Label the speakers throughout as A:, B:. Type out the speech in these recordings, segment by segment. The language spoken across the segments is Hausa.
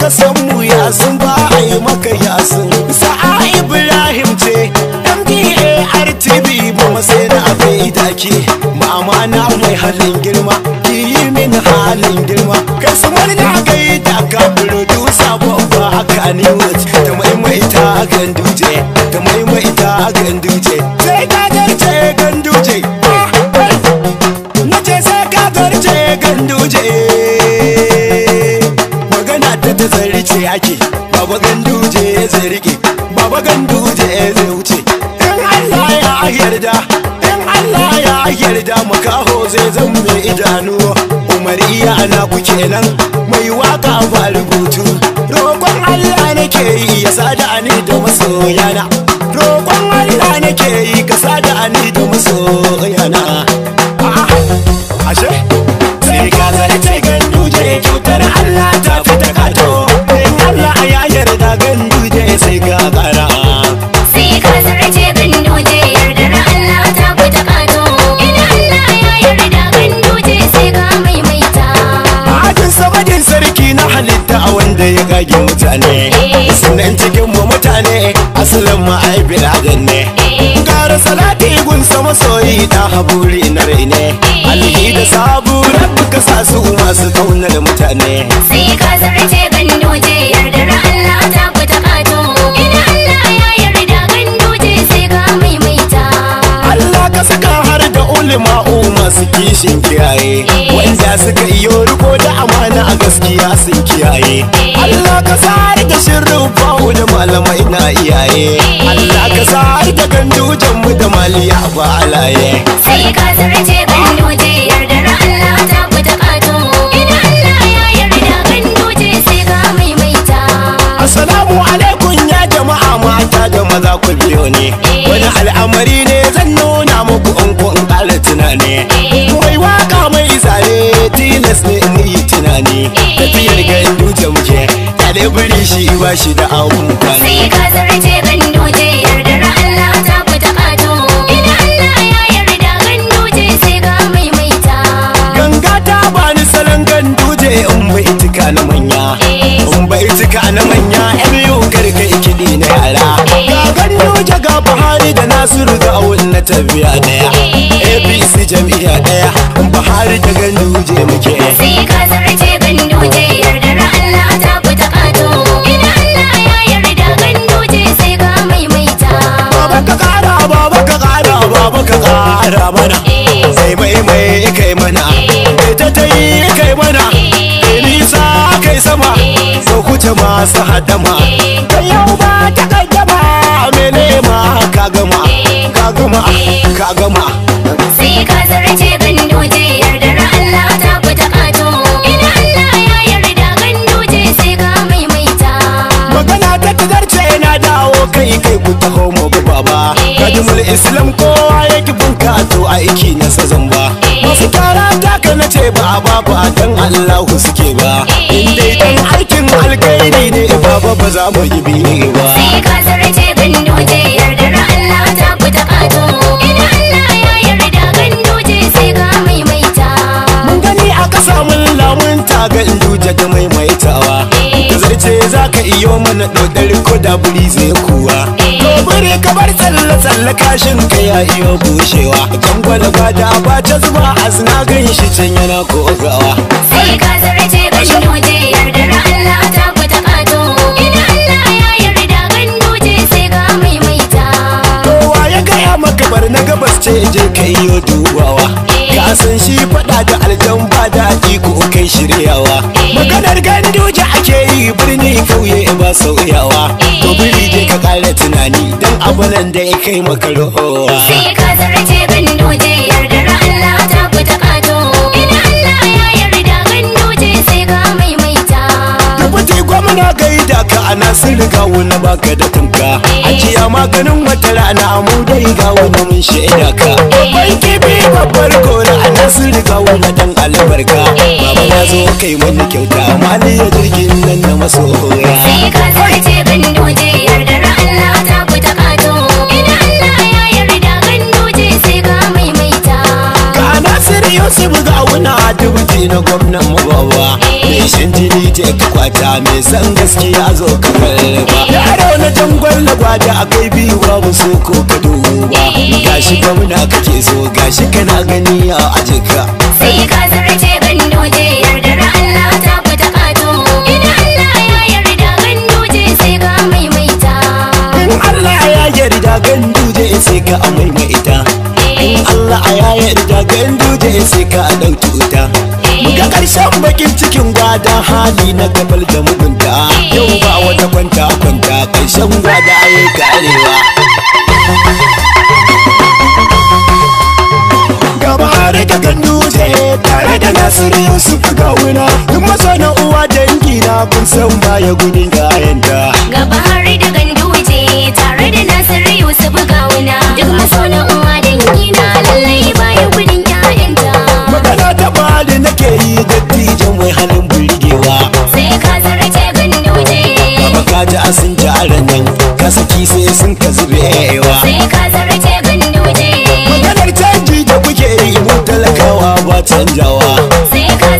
A: ka san mu yasin ba a yi maka yasin sa'a ibrahim ce mdartv ba masai na abin idaki mama na mai halin girma ki min halin girma kasuwar na gai da ka producer babba haka ne wace ta maimaita gandu je ta maimaita gandu ce ake baba ganduje zai rike baba ganduje zai wuce in Allah ya yarda in Allah ya yarda makaho zai zama idanu umar iya ana ku kenan mai waka ba rubutu roƙon Allah nake yi ya sada ni da masoyana roƙon Allah nake yi ka sada ni da masoyana zagi mutane eh. sunan cikin mu mutane asalin mu ai biladan ne eh. gara salati gun sama soyi da haburi na ne eh. alhi da sabu rabbu ka sa su masu da mutane sai ka zarce gandoje yardar Allah ta ku ta kato in Allah ya yarda gandoje sai ka maimaita Allah ka saka har da ulima'u masu kishin kiyaye wanda suka iyo bawo wani malamai na iyaye Allah ka sa har da gandu mu da maliya ba alaye sai ka
B: zarce yarda yardar Allah ta ku ta kato ina
A: Allah ya yarda ganduje sai ka maimaita assalamu alaikum ya jama'a mata da maza ku biyo ne eh. wani al'amari ne zan nuna muku in ku in ƙara tunani wai eh. waka mai zare tilas ne in yi tunani eh. leburi shi ba shi da amfani sai ka zarce ban doje yarda Allah ta fita fato. idan Allah ya yarda ban doje sai ga maimaita ganga ta bani salon ganduje in ba itika na manya eh. in ba itika na manya yan yau karka ikidi na yara eh. ga ganduje ga Buhari da Nasiru da awon na tafiya daya eh. APC jam'iyya daya in Buhari da ganduje muke sai ka zarce baba ka kara baba ka kara mana sai mai mai kai mana ita ta yi kai mana nisa kai sama sau kuce masu hadama da yau ba ta kaddama mene ma ka gama ka gama ka gama sai ka zarce mul islam kowa yake bunkato a iki na sazan ba masu kyara taka na ce ba ba ba dan allahu suke ba in dan aikin alkhairi ne ba ba za mu yi biye ba Yo ya yarda sai lamunta maimaitawa eh. iyo mana dodar ko da buri zai kuwa Domin eh. ka tsalla kashin ka ya iya bushewa kan kwalaba da ba ta zuba a zina gan shi can yana kogawa
B: sai ka ba shi noje yardara Allah ta ku kato ina Allah ya yarda gan ce sai ga maimaita
A: kowa ya gaya maka bar na gabas ce je kai yo dubawa eh. ka san shi fada da aljan ba daɗi ko kai shiryawa eh. maganar gandu ake yi birni kauye ba sauyawa eh. to kara tunani don nan da ya kai maka rohowa sai ka zarce gandu je yardar
B: Allah ta ku kato ina Allah ya yarda gandu je sai ka maimaita
A: tabbata gwamna gaida ka ana sun riga wani ka da tamka eh. ajiya maganin wata rana a dai ga wani mun shaida ka eh. babban kibi babbar gona ana sun riga wani dan albarka eh. baba na zo kai mani kyauta ya jirgin nan na masoya sai ka zarce gandu je yardar yusuf gawuna dubuti na gwamnan mu bawa mai shan jini je ka kwata mai san gaskiya zo ka kwalba yaro na jangwal na gwada akwai biyu babu so ko ka duba gashi gwamna kake so gashi kana gani a ajika sai ka zarce gando je yardar Allah ta ku ta kato idan Allah ya yarda gando je sai ka maimaita in Allah ya yarda gando je sai ka maimaita Allah ya yarda gando waye sai ka ɗauki wuta eh. Muga ƙarshen bakin cikin gwada hali na kafal da mugunta eh. Yau ba wata kwanta kwanta ƙarshen gwada ayi karewa Gaba da ganduje tare da Nasiru Yusuf Gawuna Duk masana uwa dangi na kun san baya gudun gayanta ji a sun ji a ranar ka saki sai sun ka zubewa sai ka maganar canji da kuke yi mu talakawa ba canjawa sai ka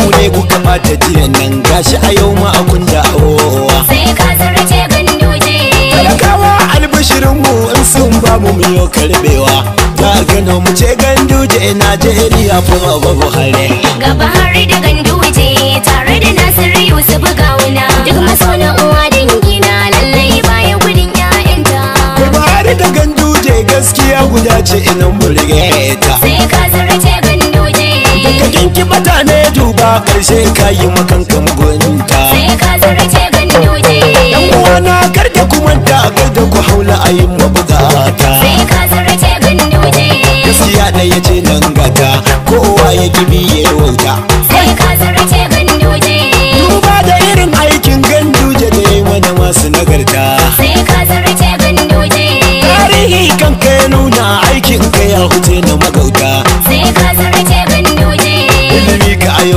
A: ku ne kuka ta jiya nan gashi a yau ma a kun dawowa
B: sai ka zarce ganduje talakawa
A: albashirin mu in sun ba mu miyo karbewa ta gano mu ce ganduje Najeriya kuma ba Buhari ga
B: Buhari da ganduje
A: ya guda ce inan burge ta ka zarce ganduje daga kinki mutane duba karshe ka yi makankan gunta sai ka zarce ganduje yan uwana kar da ku manta kar da ku haula ayin mabugata sai ka zarce ganduje gaskiya ɗaya ce nan gata kowa ya kibiye wauta sai ka zarce ya na magauta sai ka zara ce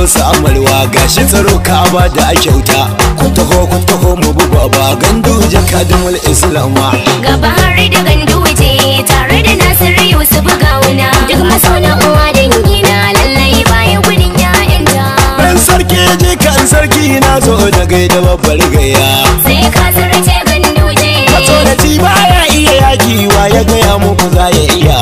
A: sa amalwa gashi tsaro ka ba da a kyauta ku taho ku taho mu bu baba da kadimul islama
B: gaba har da ganduje tare da nasiru yusuf gawuna duk masauna uwa dangina lallai baya gudun
A: ya'yan ta dan sarki je kan sarki na zo da gaida babbar gaya sai ka zara ce bin ka tsora baya iya yaki wa ya gaya muku za ya iya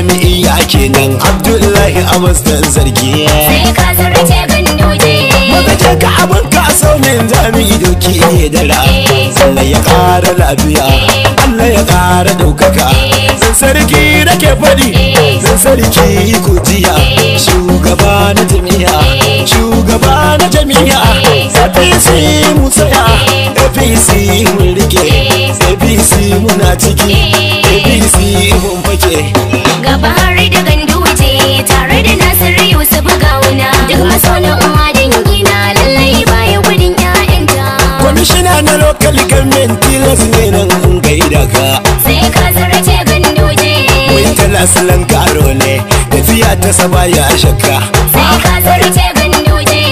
A: jami'i ya kenan abdullahi a mastan zargi sai ka zura ka abin ka saunin jami'i doki ne da ra eh. Allah ya ƙara lafiya eh. Allah ya ƙara daukaka zan eh. sarki ke fadi. zan sarki kujiya shugaba na jami'a shugaba na jami'a APC mu tsaya APC mun rike APC muna ciki APC mun fake local government tilas ne nan gaida ka
B: sai ka zara zarce ganduje
A: wai tana salon karo ne tafiya ta saba ya shakka sai ka zara zarce ganduje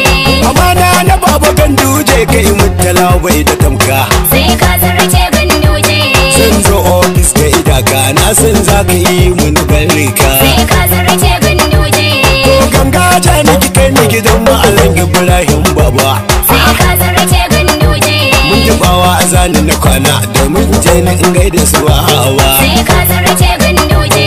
A: amana na babu ganduje kai mutala bai da tamka sai ka zara zarce ganduje Sun zo ofis gaida ka na san za ka yi mun barka sai ka zara zarce ganduje ko ganga ta ni kai ni gidan malam Ibrahim baba zani na kwana domin je na in gaida su ba hawa sai ka zarce ganduje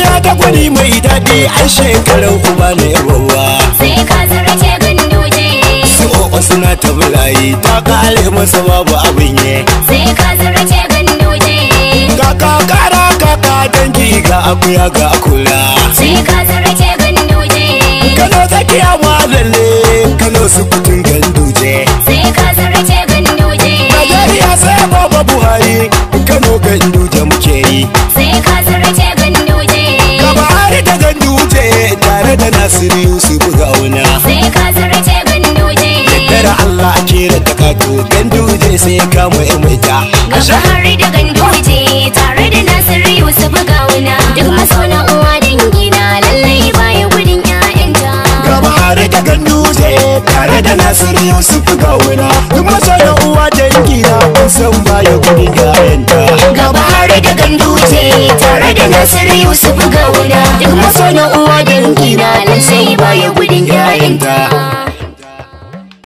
A: ya ta gwani mai daɗi ai shekarar uba ne yawawa sai ka zarce ganduje su o'o suna ta bulayi ta kare masa babu abin yi. sai ka zarce ganduje ga kakara kaka dangi ga akuya ga akula sai ka
B: zarce ganduje kano
A: tsakiya ma lalle kano su kutun ganduje sai shugaba buhari kano ganduje muke yi sai ka sarrace ganduje gaba hari da ganduje tare da nasiru yusuf gauna sai ka sarrace allah sai da ganduje tare da
B: nasiru duk uwa dangina lallai baya gudun
A: 'ya'yanta gaba hari da ganduje tare da nasiru yusuf gauna da gurgayenta gaba har da ce tare
B: da nasiru yusuf gauda duk maso na uwa da rukina nan sai baya gudun 'ya'yanta